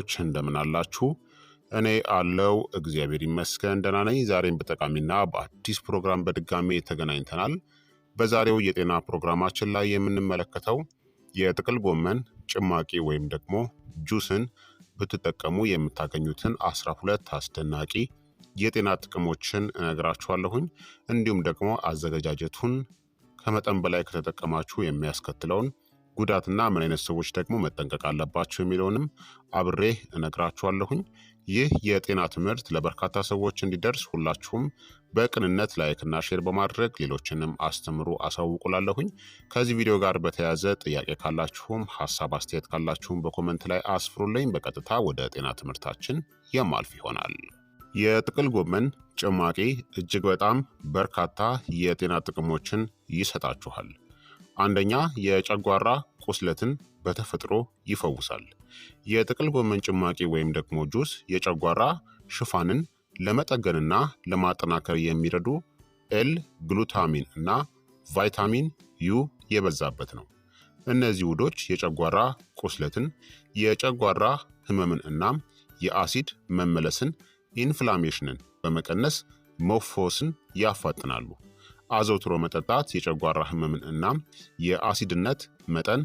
ሰዎች እንደምን አላችሁ? እኔ አለው እግዚአብሔር ይመስገን ደህና ነኝ። ዛሬም በጠቃሚና በአዲስ ፕሮግራም በድጋሜ ተገናኝተናል። በዛሬው የጤና ፕሮግራማችን ላይ የምንመለከተው የጥቅል ጎመን ጭማቂ ወይም ደግሞ ጁስን ብትጠቀሙ የምታገኙትን አስራ ሁለት አስደናቂ የጤና ጥቅሞችን እነግራችኋለሁኝ። እንዲሁም ደግሞ አዘገጃጀቱን ከመጠን በላይ ከተጠቀማችሁ የሚያስከትለውን ጉዳትና ምን አይነት ሰዎች ደግሞ መጠንቀቅ አለባቸው የሚለውንም አብሬ እነግራችኋለሁኝ። ይህ የጤና ትምህርት ለበርካታ ሰዎች እንዲደርስ ሁላችሁም በቅንነት ላይክና ሼር በማድረግ ሌሎችንም አስተምሩ፣ አሳውቁላለሁኝ። ከዚህ ቪዲዮ ጋር በተያያዘ ጥያቄ ካላችሁም ሀሳብ አስተያየት ካላችሁም በኮመንት ላይ አስፍሩልኝ። በቀጥታ ወደ ጤና ትምህርታችን የማልፍ ይሆናል። የጥቅል ጎመን ጭማቂ እጅግ በጣም በርካታ የጤና ጥቅሞችን ይሰጣችኋል። አንደኛ የጨጓራ ቁስለትን በተፈጥሮ ይፈውሳል። የጥቅል ጎመን ጭማቂ ወይም ደግሞ ጁስ የጨጓራ ሽፋንን ለመጠገንና ለማጠናከር የሚረዱ ኤል ግሉታሚን እና ቫይታሚን ዩ የበዛበት ነው። እነዚህ ውዶች የጨጓራ ቁስለትን፣ የጨጓራ ህመምን እናም የአሲድ መመለስን ኢንፍላሜሽንን በመቀነስ መፎስን ያፋጥናሉ። አዘውትሮ መጠጣት የጨጓራ ህመምን እናም የአሲድነት መጠን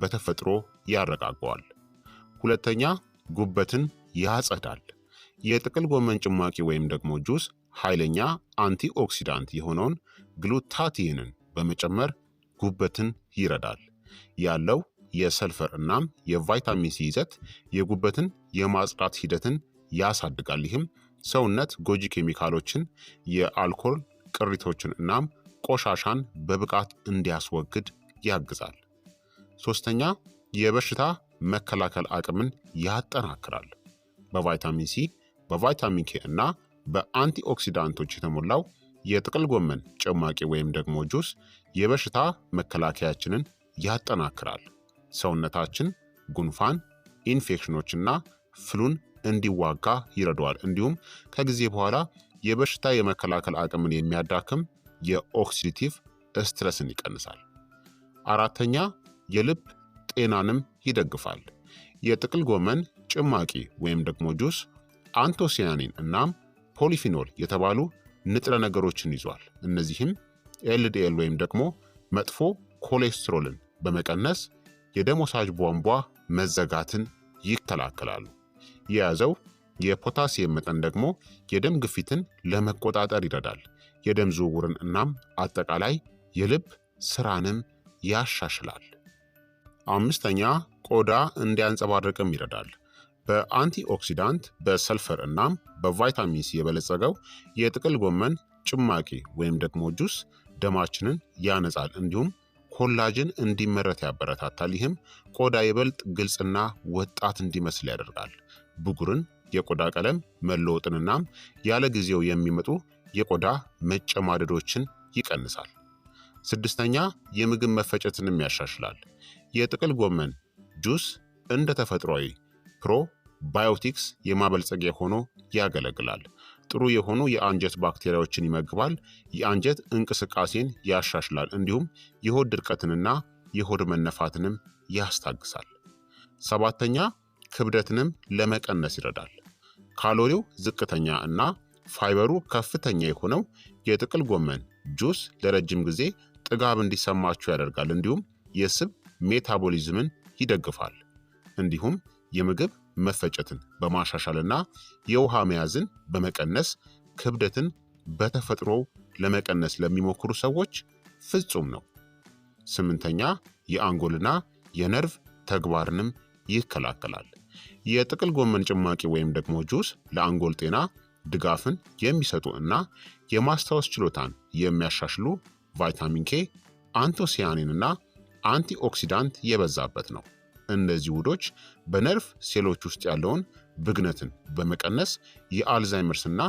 በተፈጥሮ ያረጋገዋል። ሁለተኛ ጉበትን ያጸዳል። የጥቅል ጎመን ጭማቂ ወይም ደግሞ ጁስ ኃይለኛ አንቲኦክሲዳንት የሆነውን ግሉታቲንን በመጨመር ጉበትን ይረዳል። ያለው የሰልፈር እናም የቫይታሚን ሲ ይዘት የጉበትን የማጽዳት ሂደትን ያሳድጋል። ይህም ሰውነት ጎጂ ኬሚካሎችን፣ የአልኮል ቅሪቶችን እናም ቆሻሻን በብቃት እንዲያስወግድ ያግዛል። ሶስተኛ የበሽታ መከላከል አቅምን ያጠናክራል። በቫይታሚን ሲ፣ በቫይታሚን ኬ እና በአንቲኦክሲዳንቶች የተሞላው የጥቅል ጎመን ጭማቂ ወይም ደግሞ ጁስ የበሽታ መከላከያችንን ያጠናክራል። ሰውነታችን ጉንፋን፣ ኢንፌክሽኖችና ፍሉን እንዲዋጋ ይረዳዋል። እንዲሁም ከጊዜ በኋላ የበሽታ የመከላከል አቅምን የሚያዳክም የኦክሲዲቲቭ ስትረስን ይቀንሳል። አራተኛ የልብ ጤናንም ይደግፋል። የጥቅል ጎመን ጭማቂ ወይም ደግሞ ጁስ አንቶሲያኒን እናም ፖሊፊኖል የተባሉ ንጥረ ነገሮችን ይዟል። እነዚህም ኤልዲኤል ወይም ደግሞ መጥፎ ኮሌስትሮልን በመቀነስ የደም ወሳጅ ቧንቧ መዘጋትን ይከላከላሉ። የያዘው የፖታሲየም መጠን ደግሞ የደም ግፊትን ለመቆጣጠር ይረዳል። የደም ዝውውርን እናም አጠቃላይ የልብ ስራንም ያሻሽላል። አምስተኛ ቆዳ እንዲያንጸባርቅም ይረዳል። በአንቲኦክሲዳንት በሰልፈር እናም በቫይታሚን ሲ የበለጸገው የጥቅል ጎመን ጭማቂ ወይም ደግሞ ጁስ ደማችንን ያነጻል እንዲሁም ኮላጅን እንዲመረት ያበረታታል። ይህም ቆዳ ይበልጥ ግልጽና ወጣት እንዲመስል ያደርጋል። ብጉርን የቆዳ ቀለም መለወጥንና ያለ ጊዜው የሚመጡ የቆዳ መጨማደዶችን ይቀንሳል። ስድስተኛ የምግብ መፈጨትንም ያሻሽላል። የጥቅል ጎመን ጁስ እንደ ተፈጥሯዊ ፕሮባዮቲክስ የማበልጸጊያ ሆኖ ያገለግላል። ጥሩ የሆኑ የአንጀት ባክቴሪያዎችን ይመግባል፣ የአንጀት እንቅስቃሴን ያሻሽላል፣ እንዲሁም የሆድ ድርቀትንና የሆድ መነፋትንም ያስታግሳል። ሰባተኛ ክብደትንም ለመቀነስ ይረዳል። ካሎሪው ዝቅተኛ እና ፋይበሩ ከፍተኛ የሆነው የጥቅል ጎመን ጁስ ለረጅም ጊዜ ጥጋብ እንዲሰማችሁ ያደርጋል። እንዲሁም የስብ ሜታቦሊዝምን ይደግፋል። እንዲሁም የምግብ መፈጨትን በማሻሻልና የውሃ መያዝን በመቀነስ ክብደትን በተፈጥሮ ለመቀነስ ለሚሞክሩ ሰዎች ፍጹም ነው። ስምንተኛ የአንጎልና የነርቭ ተግባርንም ይከላከላል። የጥቅል ጎመን ጭማቂ ወይም ደግሞ ጁስ ለአንጎል ጤና ድጋፍን የሚሰጡ እና የማስታወስ ችሎታን የሚያሻሽሉ ቫይታሚን ኬ፣ አንቶሲያኒን እና አንቲኦክሲዳንት የበዛበት ነው። እነዚህ ውህዶች በነርቭ ሴሎች ውስጥ ያለውን ብግነትን በመቀነስ የአልዛይመርስ እና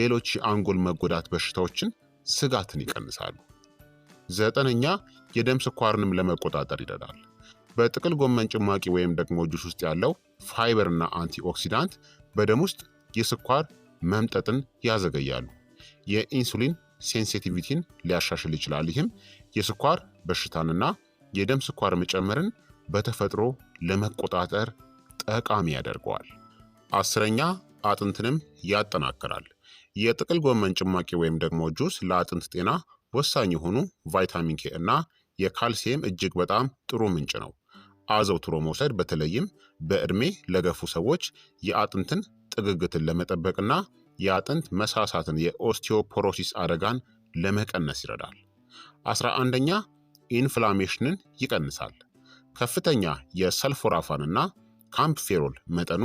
ሌሎች የአንጎል መጎዳት በሽታዎችን ስጋትን ይቀንሳሉ። ዘጠነኛ የደም ስኳርንም ለመቆጣጠር ይረዳል። በጥቅል ጎመን ጭማቂ ወይም ደግሞ ጁስ ውስጥ ያለው ፋይበርና አንቲኦክሲዳንት በደም ውስጥ የስኳር መምጠጥን ያዘገያሉ። የኢንሱሊን ሴንሲቲቪቲን ሊያሻሽል ይችላል። ይህም የስኳር በሽታንና የደም ስኳር መጨመርን በተፈጥሮ ለመቆጣጠር ጠቃሚ ያደርገዋል። አስረኛ አጥንትንም ያጠናክራል። የጥቅል ጎመን ጭማቂ ወይም ደግሞ ጁስ ለአጥንት ጤና ወሳኝ የሆኑ ቫይታሚን ኬ እና የካልሲየም እጅግ በጣም ጥሩ ምንጭ ነው። አዘውትሮ መውሰድ በተለይም በእድሜ ለገፉ ሰዎች የአጥንትን ጥግግትን ለመጠበቅና የአጥንት መሳሳትን የኦስቲዮፖሮሲስ አደጋን ለመቀነስ ይረዳል። አስራ አንደኛ ኢንፍላሜሽንን ይቀንሳል። ከፍተኛ የሰልፎራፋንና ካምፕፌሮል መጠኑ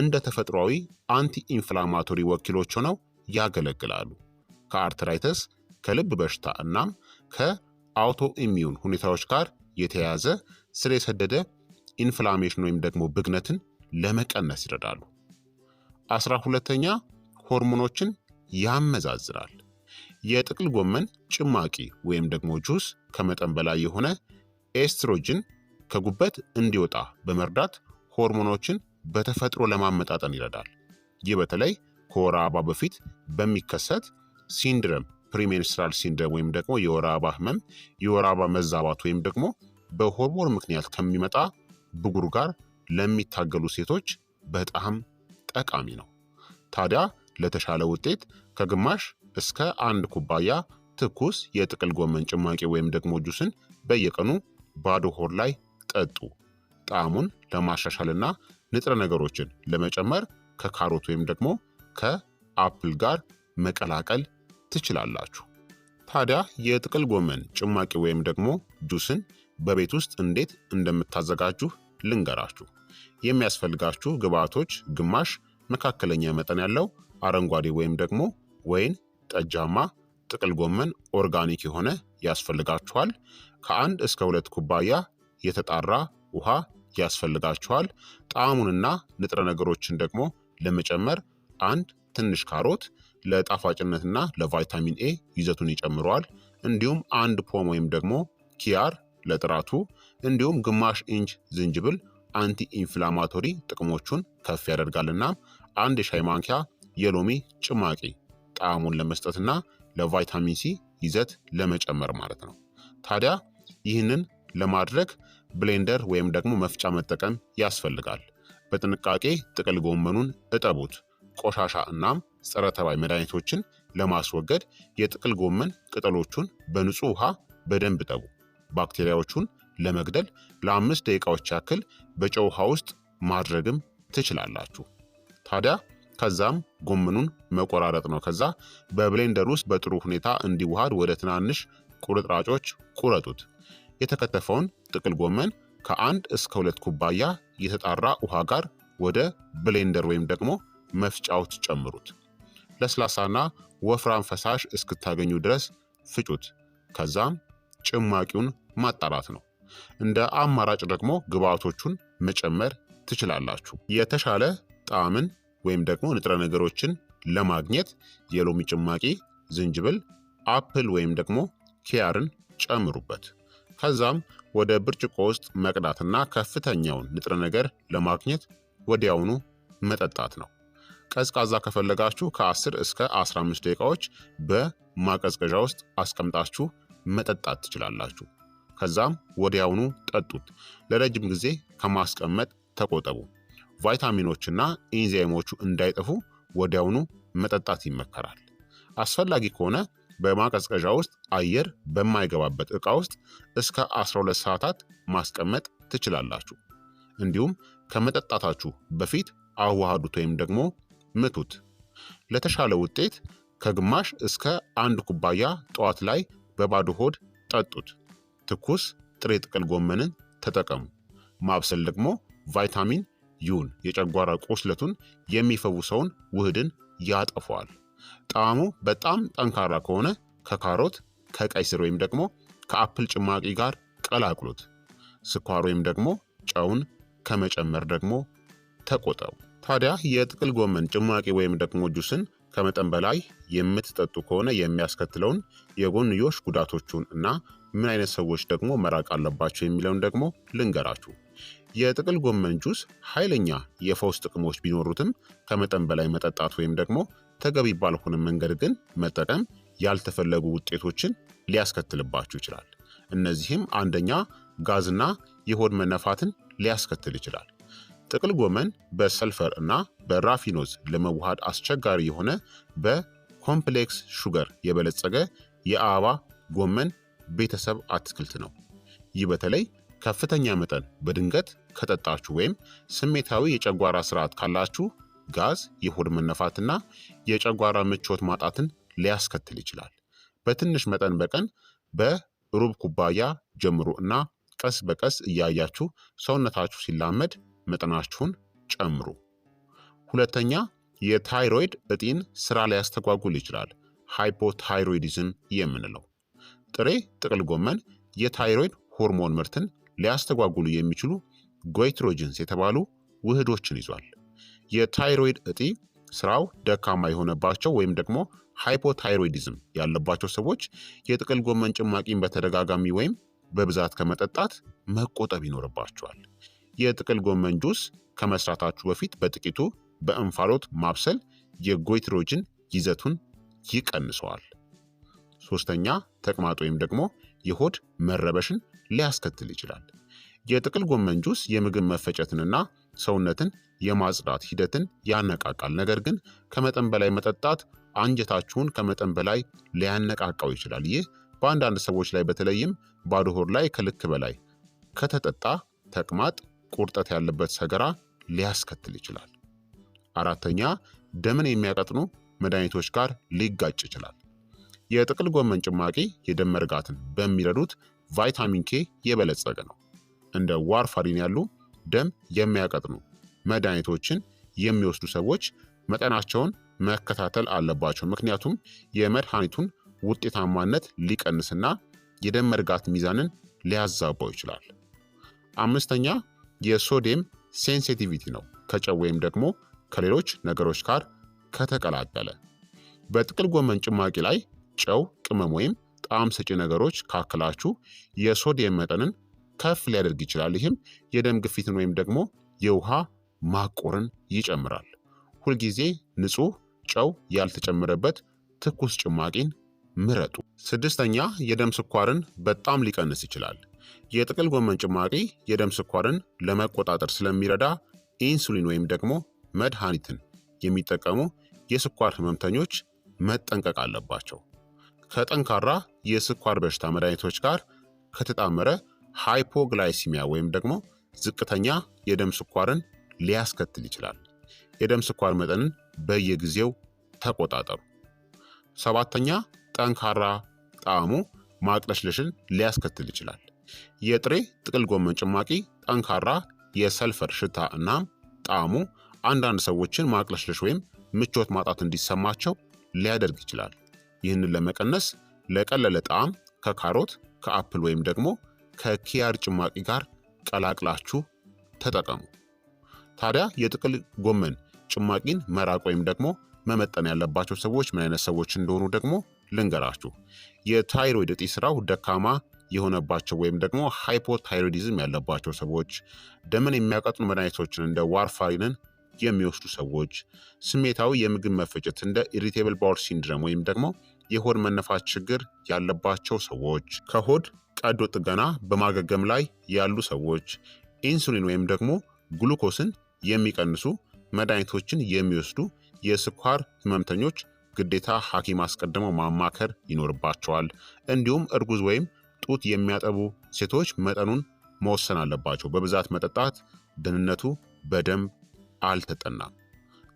እንደ ተፈጥሯዊ አንቲ ኢንፍላማቶሪ ወኪሎች ሆነው ያገለግላሉ። ከአርትራይተስ ከልብ በሽታ እናም ከአውቶ ኢሚዩን ሁኔታዎች ጋር የተያዘ ስር የሰደደ ኢንፍላሜሽን ወይም ደግሞ ብግነትን ለመቀነስ ይረዳሉ። አስራ ሁለተኛ ሆርሞኖችን ያመዛዝናል። የጥቅል ጎመን ጭማቂ ወይም ደግሞ ጁስ ከመጠን በላይ የሆነ ኤስትሮጅን ከጉበት እንዲወጣ በመርዳት ሆርሞኖችን በተፈጥሮ ለማመጣጠን ይረዳል። ይህ በተለይ ከወር አበባ በፊት በሚከሰት ሲንድረም ፕሪሜንስትራል ሲንደም ወይም ደግሞ የወር አበባ ህመም የወር አበባ መዛባት ወይም ደግሞ በሆርሞን ምክንያት ከሚመጣ ብጉር ጋር ለሚታገሉ ሴቶች በጣም ጠቃሚ ነው። ታዲያ ለተሻለ ውጤት ከግማሽ እስከ አንድ ኩባያ ትኩስ የጥቅል ጎመን ጭማቂ ወይም ደግሞ ጁስን በየቀኑ ባዶ ሆድ ላይ ጠጡ። ጣዕሙን ለማሻሻልና ንጥረ ነገሮችን ለመጨመር ከካሮት ወይም ደግሞ ከአፕል ጋር መቀላቀል ትችላላችሁ። ታዲያ የጥቅል ጎመን ጭማቂ ወይም ደግሞ ጁስን በቤት ውስጥ እንዴት እንደምታዘጋጁ ልንገራችሁ። የሚያስፈልጋችሁ ግብአቶች ግማሽ መካከለኛ መጠን ያለው አረንጓዴ ወይም ደግሞ ወይን ጠጃማ ጥቅል ጎመን ኦርጋኒክ የሆነ ያስፈልጋችኋል። ከአንድ እስከ ሁለት ኩባያ የተጣራ ውሃ ያስፈልጋችኋል። ጣዕሙንና ንጥረ ነገሮችን ደግሞ ለመጨመር አንድ ትንሽ ካሮት ለጣፋጭነትና ለቫይታሚን ኤ ይዘቱን ይጨምረዋል። እንዲሁም አንድ ፖም ወይም ደግሞ ኪያር ለጥራቱ እንዲሁም ግማሽ ኢንች ዝንጅብል አንቲ ኢንፍላማቶሪ ጥቅሞቹን ከፍ ያደርጋልና አንድ የሻይ ማንኪያ የሎሚ ጭማቂ ጣዕሙን ለመስጠትና ለቫይታሚን ሲ ይዘት ለመጨመር ማለት ነው። ታዲያ ይህንን ለማድረግ ብሌንደር ወይም ደግሞ መፍጫ መጠቀም ያስፈልጋል። በጥንቃቄ ጥቅል ጎመኑን እጠቡት። ቆሻሻ እናም ጸረ ተባይ መድኃኒቶችን ለማስወገድ የጥቅል ጎመን ቅጠሎቹን በንጹህ ውሃ በደንብ ጠቡ። ባክቴሪያዎቹን ለመግደል ለአምስት ደቂቃዎች ያክል በጨው ውሃ ውስጥ ማድረግም ትችላላችሁ። ታዲያ ከዛም ጎመኑን መቆራረጥ ነው። ከዛ በብሌንደር ውስጥ በጥሩ ሁኔታ እንዲዋሃድ ወደ ትናንሽ ቁርጥራጮች ቁረጡት። የተከተፈውን ጥቅል ጎመን ከአንድ እስከ ሁለት ኩባያ የተጣራ ውሃ ጋር ወደ ብሌንደር ወይም ደግሞ መፍጫ ውስጥ ጨምሩት። ለስላሳና ወፍራም ፈሳሽ እስክታገኙ ድረስ ፍጩት። ከዛም ጭማቂውን ማጣራት ነው። እንደ አማራጭ ደግሞ ግብአቶቹን መጨመር ትችላላችሁ። የተሻለ ጣዕምን ወይም ደግሞ ንጥረ ነገሮችን ለማግኘት የሎሚ ጭማቂ፣ ዝንጅብል፣ አፕል ወይም ደግሞ ኪያርን ጨምሩበት። ከዛም ወደ ብርጭቆ ውስጥ መቅዳትና ከፍተኛውን ንጥረ ነገር ለማግኘት ወዲያውኑ መጠጣት ነው። ቀዝቃዛ ከፈለጋችሁ ከ10 እስከ 15 ደቂቃዎች በማቀዝቀዣ ውስጥ አስቀምጣችሁ መጠጣት ትችላላችሁ። ከዛም ወዲያውኑ ጠጡት። ለረጅም ጊዜ ከማስቀመጥ ተቆጠቡ። ቫይታሚኖችና ኢንዛይሞቹ እንዳይጠፉ ወዲያውኑ መጠጣት ይመከራል። አስፈላጊ ከሆነ በማቀዝቀዣ ውስጥ አየር በማይገባበት ዕቃ ውስጥ እስከ 12 ሰዓታት ማስቀመጥ ትችላላችሁ። እንዲሁም ከመጠጣታችሁ በፊት አዋሃዱት ወይም ደግሞ ምቱት። ለተሻለ ውጤት ከግማሽ እስከ አንድ ኩባያ ጠዋት ላይ በባዶ ሆድ ጠጡት። ትኩስ ጥሬ ጥቅል ጎመንን ተጠቀሙ። ማብሰል ደግሞ ቫይታሚን ዩን የጨጓራ ቁስለቱን የሚፈውሰውን ውህድን ያጠፈዋል። ጣዕሙ በጣም ጠንካራ ከሆነ ከካሮት፣ ከቀይ ስር ወይም ደግሞ ከአፕል ጭማቂ ጋር ቀላቅሉት። ስኳር ወይም ደግሞ ጨውን ከመጨመር ደግሞ ተቆጠቡ። ታዲያ የጥቅል ጎመን ጭማቂ ወይም ደግሞ ጁስን ከመጠን በላይ የምትጠጡ ከሆነ የሚያስከትለውን የጎንዮሽ ጉዳቶቹን እና ምን አይነት ሰዎች ደግሞ መራቅ አለባቸው የሚለውን ደግሞ ልንገራችሁ። የጥቅል ጎመን ጁስ ኃይለኛ የፈውስ ጥቅሞች ቢኖሩትም ከመጠን በላይ መጠጣት ወይም ደግሞ ተገቢ ባልሆነ መንገድ ግን መጠቀም ያልተፈለጉ ውጤቶችን ሊያስከትልባችሁ ይችላል። እነዚህም አንደኛ ጋዝና የሆድ መነፋትን ሊያስከትል ይችላል። ጥቅል ጎመን በሰልፈር እና በራፊኖዝ ለመዋሃድ አስቸጋሪ የሆነ በኮምፕሌክስ ሹገር የበለጸገ የአበባ ጎመን ቤተሰብ አትክልት ነው። ይህ በተለይ ከፍተኛ መጠን በድንገት ከጠጣችሁ ወይም ስሜታዊ የጨጓራ ስርዓት ካላችሁ ጋዝ፣ የሆድ መነፋትና የጨጓራ ምቾት ማጣትን ሊያስከትል ይችላል። በትንሽ መጠን በቀን በሩብ ኩባያ ጀምሮ እና ቀስ በቀስ እያያችሁ ሰውነታችሁ ሲላመድ መጠናችሁን ጨምሩ። ሁለተኛ የታይሮይድ እጢን ስራ ሊያስተጓጉል ይችላል፣ ሃይፖታይሮይዲዝም የምንለው። ጥሬ ጥቅል ጎመን የታይሮይድ ሆርሞን ምርትን ሊያስተጓጉሉ የሚችሉ ጎይትሮጅንስ የተባሉ ውህዶችን ይዟል። የታይሮይድ እጢ ስራው ደካማ የሆነባቸው ወይም ደግሞ ሃይፖታይሮይዲዝም ያለባቸው ሰዎች የጥቅል ጎመን ጭማቂን በተደጋጋሚ ወይም በብዛት ከመጠጣት መቆጠብ ይኖርባቸዋል። የጥቅል ጎመን ጁስ ከመስራታችሁ በፊት በጥቂቱ በእንፋሎት ማብሰል የጎይትሮጅን ይዘቱን ይቀንሰዋል። ሶስተኛ ተቅማጥ ወይም ደግሞ የሆድ መረበሽን ሊያስከትል ይችላል። የጥቅል ጎመን ጁስ የምግብ መፈጨትንና ሰውነትን የማጽዳት ሂደትን ያነቃቃል። ነገር ግን ከመጠን በላይ መጠጣት አንጀታችሁን ከመጠን በላይ ሊያነቃቃው ይችላል። ይህ በአንዳንድ ሰዎች ላይ በተለይም ባዶ ሆድ ላይ ከልክ በላይ ከተጠጣ ተቅማጥ ቁርጠት ያለበት ሰገራ ሊያስከትል ይችላል። አራተኛ ደምን የሚያቀጥኑ መድኃኒቶች ጋር ሊጋጭ ይችላል። የጥቅል ጎመን ጭማቂ የደም መርጋትን በሚረዱት ቫይታሚን ኬ የበለጸገ ነው። እንደ ዋርፋሪን ያሉ ደም የሚያቀጥኑ መድኃኒቶችን የሚወስዱ ሰዎች መጠናቸውን መከታተል አለባቸው። ምክንያቱም የመድኃኒቱን ውጤታማነት ሊቀንስና የደም መርጋት ሚዛንን ሊያዛባው ይችላል። አምስተኛ የሶዲየም ሴንሲቲቪቲ ነው ከጨው ወይም ደግሞ ከሌሎች ነገሮች ጋር ከተቀላቀለ። በጥቅል ጎመን ጭማቂ ላይ ጨው፣ ቅመም ወይም ጣዕም ሰጪ ነገሮች ካከላችሁ የሶዲየም መጠንን ከፍ ሊያደርግ ይችላል። ይህም የደም ግፊትን ወይም ደግሞ የውሃ ማቆርን ይጨምራል። ሁልጊዜ ንጹህ ጨው ያልተጨመረበት ትኩስ ጭማቂን ምረጡ። ስድስተኛ የደም ስኳርን በጣም ሊቀንስ ይችላል። የጥቅል ጎመን ጭማቂ የደም ስኳርን ለመቆጣጠር ስለሚረዳ ኢንሱሊን ወይም ደግሞ መድኃኒትን የሚጠቀሙ የስኳር ህመምተኞች መጠንቀቅ አለባቸው። ከጠንካራ የስኳር በሽታ መድኃኒቶች ጋር ከተጣመረ ሃይፖግላይሲሚያ ወይም ደግሞ ዝቅተኛ የደም ስኳርን ሊያስከትል ይችላል። የደም ስኳር መጠንን በየጊዜው ተቆጣጠሩ። ሰባተኛ ጠንካራ ጣዕሙ ማቅለሽለሽን ሊያስከትል ይችላል። የጥሬ ጥቅል ጎመን ጭማቂ ጠንካራ የሰልፈር ሽታ እና ጣዕሙ አንዳንድ ሰዎችን ማቅለሽለሽ ወይም ምቾት ማጣት እንዲሰማቸው ሊያደርግ ይችላል። ይህንን ለመቀነስ ለቀለለ ጣዕም ከካሮት ከአፕል ወይም ደግሞ ከኪያር ጭማቂ ጋር ቀላቅላችሁ ተጠቀሙ። ታዲያ የጥቅል ጎመን ጭማቂን መራቅ ወይም ደግሞ መመጠን ያለባቸው ሰዎች ምን አይነት ሰዎች እንደሆኑ ደግሞ ልንገራችሁ። የታይሮይድ እጢ ስራው ደካማ የሆነባቸው ወይም ደግሞ ሃይፖታይሮዲዝም ያለባቸው ሰዎች፣ ደምን የሚያቀጥኑ መድኃኒቶችን እንደ ዋርፋሪንን የሚወስዱ ሰዎች፣ ስሜታዊ የምግብ መፈጨት እንደ ኢሪቴብል ባውል ሲንድረም ወይም ደግሞ የሆድ መነፋት ችግር ያለባቸው ሰዎች፣ ከሆድ ቀዶ ጥገና በማገገም ላይ ያሉ ሰዎች፣ ኢንሱሊን ወይም ደግሞ ግሉኮስን የሚቀንሱ መድኃኒቶችን የሚወስዱ የስኳር ህመምተኞች ግዴታ ሐኪም አስቀድመው ማማከር ይኖርባቸዋል። እንዲሁም እርጉዝ ወይም ጡት የሚያጠቡ ሴቶች መጠኑን መወሰን አለባቸው። በብዛት መጠጣት ደህንነቱ በደንብ አልተጠናም።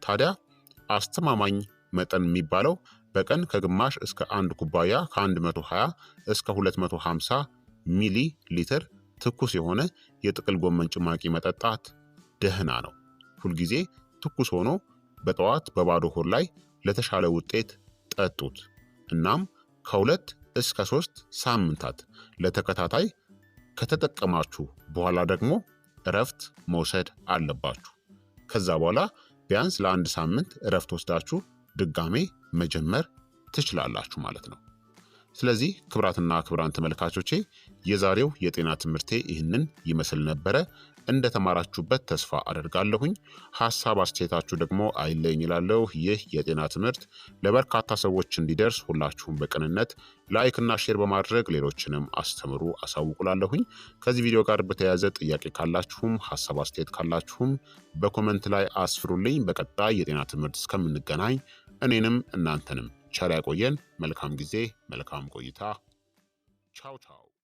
ታዲያ አስተማማኝ መጠን የሚባለው በቀን ከግማሽ እስከ አንድ ኩባያ ከ120 እስከ 250 ሚሊ ሊትር ትኩስ የሆነ የጥቅል ጎመን ጭማቂ መጠጣት ደህና ነው። ሁልጊዜ ትኩስ ሆኖ በጠዋት በባዶ ሆድ ላይ ለተሻለ ውጤት ጠጡት። እናም ከሁለት እስከ ሶስት ሳምንታት ለተከታታይ ከተጠቀማችሁ በኋላ ደግሞ እረፍት መውሰድ አለባችሁ። ከዛ በኋላ ቢያንስ ለአንድ ሳምንት እረፍት ወስዳችሁ ድጋሜ መጀመር ትችላላችሁ ማለት ነው። ስለዚህ ክብራትና ክብራን ተመልካቾቼ የዛሬው የጤና ትምህርቴ ይህንን ይመስል ነበረ። እንደተማራችሁበት ተስፋ አደርጋለሁኝ። ሀሳብ አስተያየታችሁ ደግሞ አይለኝ ይላለው። ይህ የጤና ትምህርት ለበርካታ ሰዎች እንዲደርስ ሁላችሁም በቅንነት ላይክና ሼር በማድረግ ሌሎችንም አስተምሩ አሳውቁላለሁኝ። ከዚህ ቪዲዮ ጋር በተያያዘ ጥያቄ ካላችሁም ሀሳብ አስተያየት ካላችሁም በኮመንት ላይ አስፍሩልኝ። በቀጣይ የጤና ትምህርት እስከምንገናኝ እኔንም እናንተንም ቸር ያቆየን። መልካም ጊዜ፣ መልካም ቆይታ። ቻው ቻው።